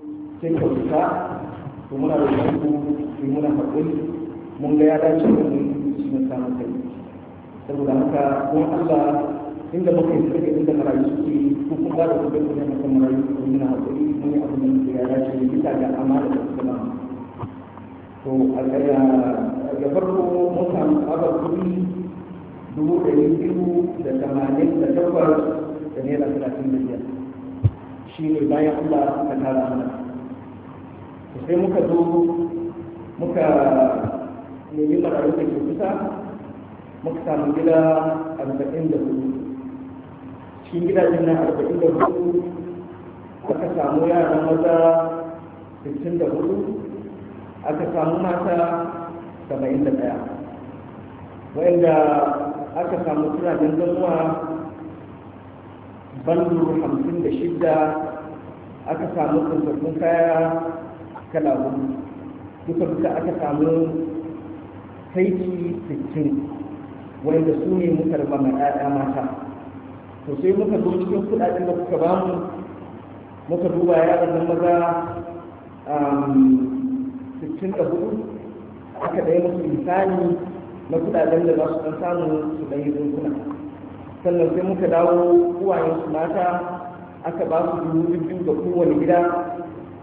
sai ka fita to muna da shi ku sai muna haƙuri mun ga ya dace da mun shi na samun kai saboda haka don Allah inda muka yi suka inda marayu suke ko kuma ba da kuɗi ko ne muka marayu ko muna haƙuri mun yi abin da ya dace ne bisa ga amana da kuma to a tsaya da farko mun samu tsabar kuɗi dubu ɗari biyu da tamanin da takwas da naira talatin da biyar shi ne bayan Allah ka tara mana sai muka zo muka nemi marayu da ke kusa muka samu gida arba'in da hudu cikin gidajen na arba'in da hudu aka samu yara maza sittin da hudu aka samu mata saba'in da ɗaya wa'inda aka samu tunanin zanuwa bandu hamsin da shidda aka samu tsatsatsun kaya kala gudu, duka duka aka samu kaici cikin wanda su ne muka rufa ma ƴaƴa mata to sai muka zo cikin kuɗaɗen da kuka bamu muka duba yaran nan maza um, sittin da hudu aka ɗaya musu misali na kuɗaɗen da za su ɗan samu su ɗan yi rinkuna sannan sai muka dawo uwayensu mata aka ba su dubu biyu ga kowane gida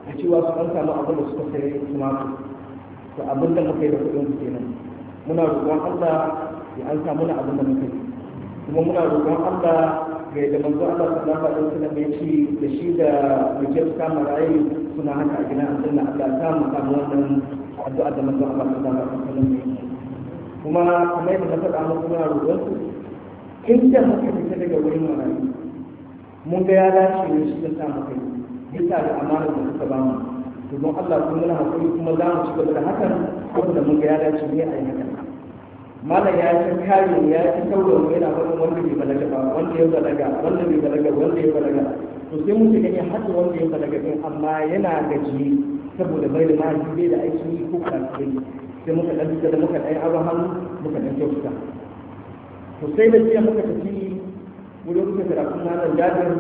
A cewa su an samu abin da suka sayi tumatur to abin da muka yi da kuɗin su kenan muna roƙon Allah ya an samu na abin da muka yi kuma muna roƙon Allah ga da manzo Allah sallallahu alaihi wasallam ya ce da shi da mujab kama suna haka a gina abin da Allah ta mu samu wannan addu'a da manzo Allah sallallahu alaihi wasallam ya yi kuma kamar yadda na faɗa muku muna roƙon su in da muka fita daga wurin marayu mun ga ya dace ne shi da sa kai yi bisa da amanar da suka bamu to don Allah kuma muna hakuri kuma za mu cigaba da hakan wanda mun ga ya dace ne a yi hakan malam ya ci kare ya ci kaura mu yana faɗin wanda bai balaga ba wanda ya balaga wanda bai balaga wanda ya balaga to sai mun shiga ne haɗin wanda ya balaga din amma yana gaji saboda bai da mahaifi bai da aiki ko kafin sai muka ɗan fita da muka ɗan abu hannu muka ɗan kyauta to sai da jiya muka tafi wurin kusa karatun malam jabir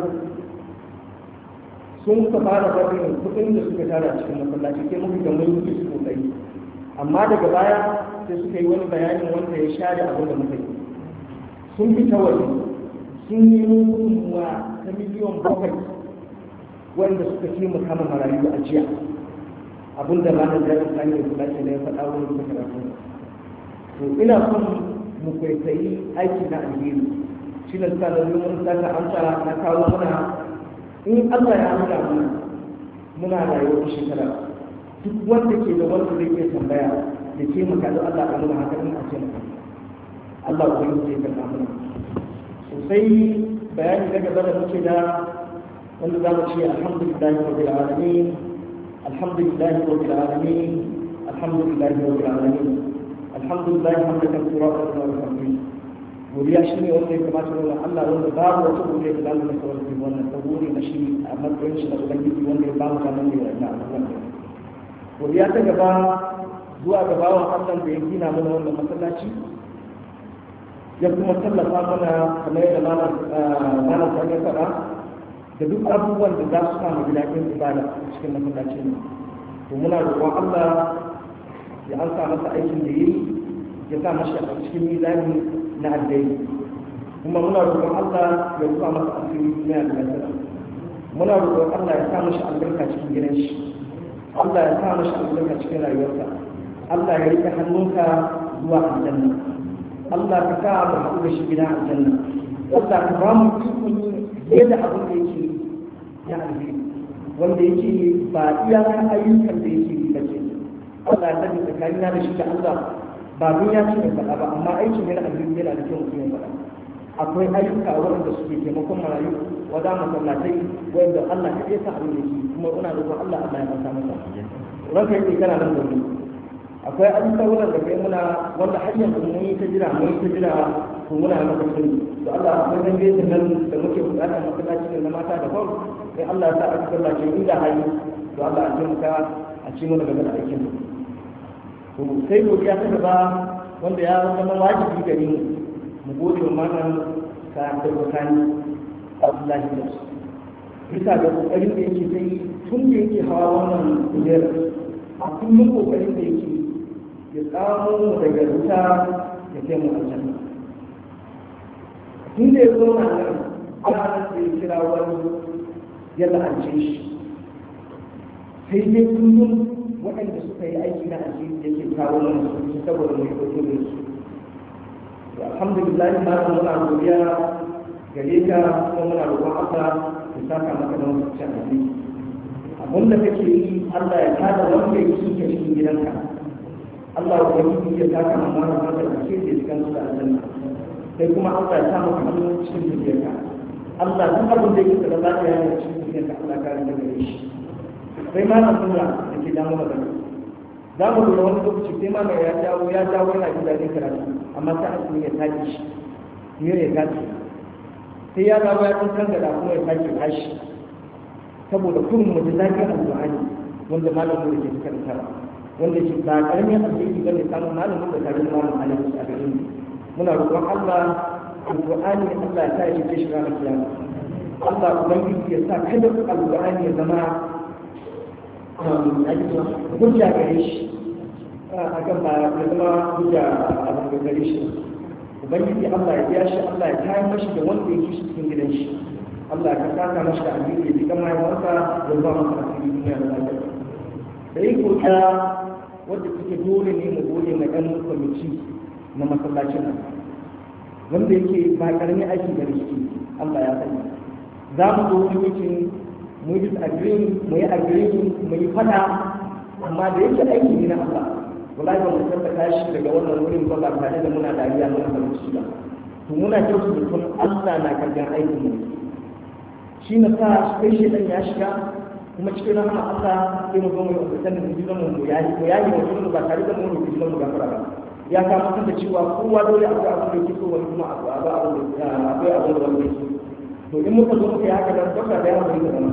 sun suka fara barin kuɗin da suka tara cikin masallaci ke mafi da mun yi su kai amma daga baya sai suka yi wani bayanin wanda ya share abin da muka yi sun fi ta sun yi gudunmuwa ta miliyan bakwai wanda suka fi mu kama marayu a jiya abin da ranar da ya sani da kula ya faɗa wani suka karatu to ina son mu kwaikwayi aiki na alheri shi ne sa da zuwa mun saka amsa na kawo mana in Allah ya amsa mana muna rayuwar shekara duk wanda ke da wanda zai iya tambaya da ke maka da Allah ka nuna haka in a ce maka Allah ku yi ce ka mana sosai bayani daga gaba da muke da wanda za mu ce alhamdulillah rabbil alamin alhamdulillah rabbil alamin alhamdulillah rabbil alamin الحمد لله حمدا كثيرا وتوفيقا godiya shi ne wanda ya kamata nuna Allah wanda babu wata godiya da zamu masa wani wannan saboda na shi a matsayin shi na ubangiji wanda ya bamu ta nan ne wannan abubuwan godiya ta gaba zuwa ga bawan Allah da ya gina mana wannan masallaci ya kuma tallafa mana kamar yadda malam ta ya faɗa da duk abubuwan da za su samu gidajen ibada cikin masallacin ne to muna roƙon Allah ya ansa masa aikin da yi ya sa mashi a cikin mizani na addini kuma muna roƙon Allah ya rufa masa asiri na albarka muna roƙon Allah ya samu shi albarka cikin gidan shi Allah ya samu shi albarka cikin rayuwarsa Allah ya rike hannunka zuwa aljanna Allah ka ka mu haɗu da shi gidan aljanna Allah ka ba mu ikon yadda abin da yake ya alheri wanda yake ba iyakar ayyukan da yake yi ba ce Allah ya sani tsakanina da shi da Allah ba mun ya cika faɗa ba amma aikin yana aljihu yana da kyau mutum ya faɗa akwai ayyuka waɗanda suke taimakon marayu wada masallatai wanda Allah ya sa abin da shi kuma ina da Allah Allah ya masa masa ranka yake kana nan da akwai ayyuka waɗanda kai muna wanda hanyar yanzu mun yi ta jira mun yi ta jira to muna maka sani to Allah akwai dan gaisin nan da muke bukata masallaci ne na mata da hol sai Allah ya sa aka sallace inda hali to Allah ya taimaka a cikin daga aikin mu to sai ya kada ba wanda ya zama wajibi gare mu mu gode wa malam ka bukan Abdullahi da su bisa ga kokarin da yake sai tun da yake hawa wannan kujer a kullum kokarin da yake ya tsamo daga ruta ya kai mu aljanna tun da ya zo na nan ana da ya kira wani ya la'ance shi sai dai kullum waɗanda suka yi aiki na asiri da ke kawo da musulunci saboda mai kwato da su alhamdulillah ma su muna godiya gare ka kuma muna roƙon Allah ya saka maka da musulunci a asiri abin da kake yi Allah ya kada wanda ya shi cikin gidanka Allah ya yi ya saka maka da ke da cikin su da aljanna sai kuma Allah ya sa maka hannu cikin zuciyarka Allah duk abin da yake da zaka yi cikin zuciyarka Allah ka rinda gare shi akwai malam sunna da ke damu da kan za mu lura wani lokaci sai ma ya jawo ya jawo yana jin daɗin karatu amma sai a ya tashi shi ya tashi sai ya dawo ya tun kan gada kuma ya tashi tashi saboda kun mutu zafi alƙur'ani wanda malamin da ke karantarwa wanda shi ba karamin alheri bane samun malamin da tare da malamin alamin a garin muna roƙon Allah alƙur'ani Allah ya sa ya shi shiga da kiyama Allah ubangiji ya sa kada alƙur'ani ya zama hujja gare shi a kan ba ya zama hujja a daga gare shi ubangiji allah ya biya shi allah ya kayan mashi da wanda ya kishi cikin gidan shi allah ka saka mashi da abin ya jiga mahaifarsa ya zuwa masa a cikin duniya da lafiya da yi kota wadda suke dole ne mu gode na ɗan kwamiti na masallacin nan wanda yake ba ƙaramin aiki da rikici allah ya sani za mu zo wani mu yi muyi mu yi mu yi fada amma da yake aiki ne na Allah wallahi ba mu tabbata shi daga wannan wurin ba ba tare da muna dariya mun san shi ba to muna kyautu su tun Allah na kallon aikin mu shi na sa kai shi ya shiga kuma cikin rahama Allah sai mu zo mu yi da jizan mu yayi ko yayi mu jizan ba tare da mu rubuta jizan mu gafara ba ya ka kan da cewa kowa dole ga abin da yake so wani kuma abu abu abu ga abin da wani to in muka zo muka yi haka dan tabbata da yawa da zama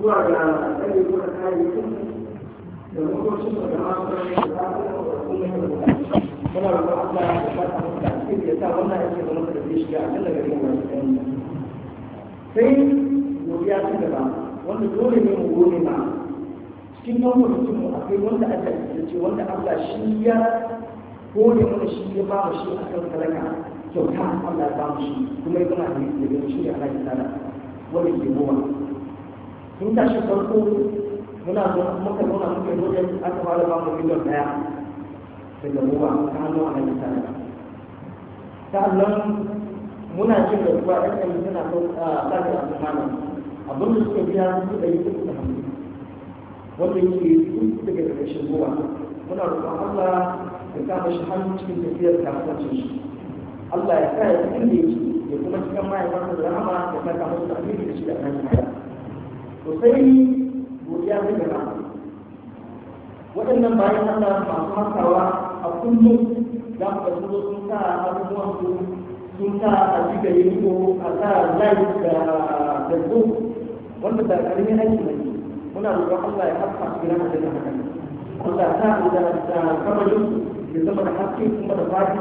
zuwa ga ɗaya zuwa kayayyakin da lokacin da ga masu da za a kuma da kuma da ta da ta wannan yake zama da zai shiga a kan daga cikin masu sai godiya ta gaba wanda dole ne mu gode ma cikin nan mutum akwai wanda aka ce wanda Allah shi ya gode mana shi ya ba mu shi kan talaka kyauta Allah ya ba mu shi kuma ya kuma da shi ne Allah ya tsara wani ke goma in ta shi farko muna muka zauna muka dole da aka fara ba mu miliyan daya da daga goma ta hannu a hannun tare ta sa'annan muna cin da kuwa ɗan ɗan suna so a ɗaga a tsakanin abin da suka biya su ɗari uku da hannu wanda yake su daga ƙarshen goma muna roƙon Allah ya kama shi hannu cikin tafiyar kasuwancin shi Allah ya sa ya inda yake ya kuma cikin ma'aikata da rahama da saka musu tafiri da shi da kan shi to sai godiya da jama'a waɗannan bayan Allah masu makawa a kullum za mu ga sun sun sa abubuwan su sun sa a jiga yi ko a sa live da da wanda da ƙarfin aiki ne muna roƙon Allah ya haska su gina da haka Allah ta da da kamarin ya zama da haske kuma da fadi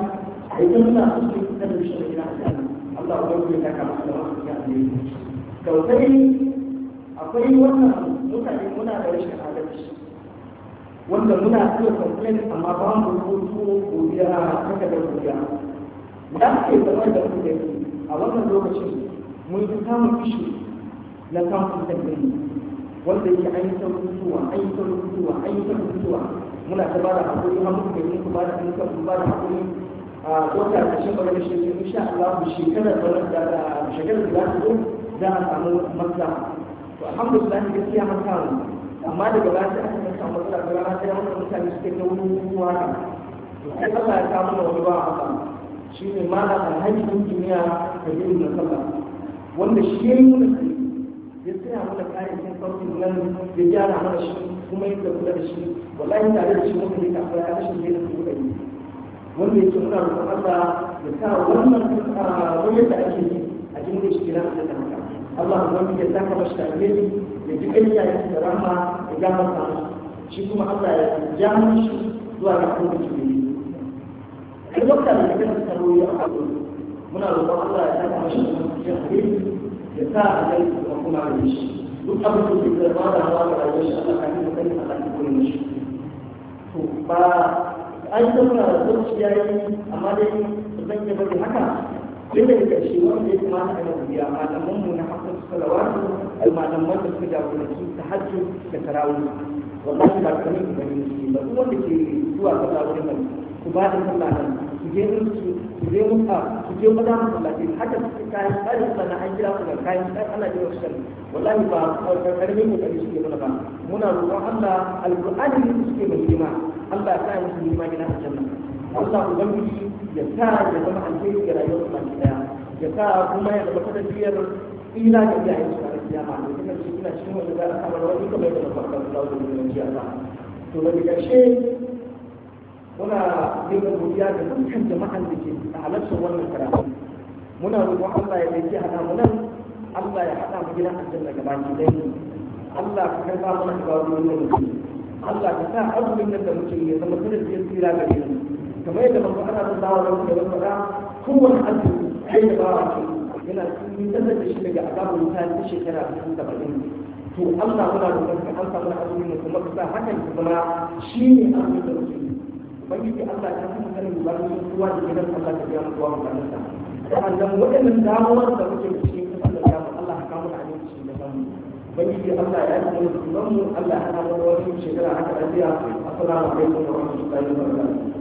a yi zama da haske da shi a gina da Allah da wasu ne akwai wannan mutane muna da rashin adalci wanda muna iya complain amma ba mu rubutu godiya haka da godiya da ake zama da kuke a wannan lokacin mun fi samun fishi na samun tafiya wanda yake an yi ta rubutuwa yi rubutuwa muna ta ba da hakuri har muka yi ba da muka ba da haƙuri. wata na shi ɓarar shekaru insha Allah mu shekarar ɓarar da shekarar da za ta zo za a samu maslaha to alhamdulillah gaskiya mun samu amma daga baya sai aka samu matsala da rana sai wannan mutane suke ta wani kuma to sai Allah ya samu da wani ba haka shine malam alhaji din duniya da yin nasaba wanda shi ya yi mana ya tsaya mana kayayyakin farkin nan ya gyara mana shi kuma ya kula da shi wallahi tare da shi muka ta kafin ya rashin da ya kuka wanda yake suna roƙon Allah ya sa wannan wani da ake yi a cikin iskila da kanka Allah wanda ya saka mashi alheri ya ji kanya ya da rahma ya gafarta masa shi kuma Allah ya ja shi zuwa ga kuma jini a lokacin da kake da tsaro ya faɗo muna roƙon Allah ya saka mashi alheri ya sa a kuma da shi duk abin da ke da ba da hawa da rayuwar shi Allah ka yi da kai a kan kuma shi to ba an zama shi ya yi amma dai zan yi bari haka duk da ƙarshe wanda ya kamata a yau biya malaman mu na hakan salawatu da malaman da suka jagoranci ta hajji da tarawih wallahi ba kamar ba ne ba duk wanda ke zuwa sallah wajen ku ba da sallah nan Ku je mun su je mun ka su ah, je mun da masallaci haka su kayan tsarin sana an kira su da kayan tsarin ana jira su sani wallahi ba karmi mu kari suke mana ba muna roƙon Allah alƙur'ani ne suke mai hima Allah ya sa musu hima gina a janna Allah ubangiji ya sa ya zama alheri ga rayuwar su baki daya ya sa kuma ya zama kadafiyar ila ga iyayen su a gaskiya ba da kuma shi ina cikin wanda za a wani kamar da mafarkar da wani jiya ba to da ƙarshe muna yin godiya da dukkan jama'an da ke halartar wannan karatu muna roƙon Allah ya ɗauki hana mu nan Allah ya haɗa mu gidan aljanna gaba ki dai Allah ka karɓa mana ibadun da muke Allah ka sa azumin nan da muke ya zama kada da tsira ga mu kamar yadda manzo ana da dawo da muke wannan da kowanne azumi kai da bawa ke yana cikin tsada da shi daga azabun wuta ta shekara 70 to Allah muna roƙon ka an samu azumin mu kuma ka sa hakan ya zama shi ne azumin da muke ubangiji Allah ya san sanin ba su kuwa da gidan Allah da biya kuwa mu kan sa sannan wadannan damuwar da muke da shi kan Allah ya Allah ka mu da aminci da zamu ubangiji Allah ya san mu Allah ya hana mu wasu shekara haka da biya assalamu alaikum wa rahmatullahi wa barakatuh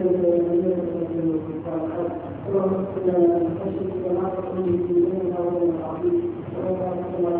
اللهم صل على محمد وعلى اله وصحبه وسلم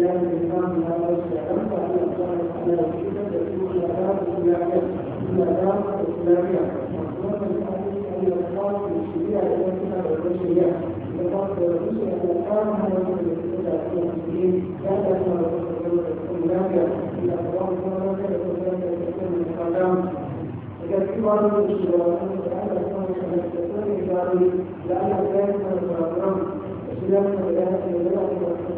يعني الإمام لا يستعمل فهو يقال على وجهه تكون الأذان الإسلامية الأذان الإسلامية وأما الحديث أن يقال في الشريعة التي لا البشرية يقال في البشرية الأذان هو المسلمين لا يكون الإسلامية إلا الله تعالى يكون الإسلام إذا في بعض الشباب تعالى كان يستطيع إلى أن لا يكون الإسلام إلى أن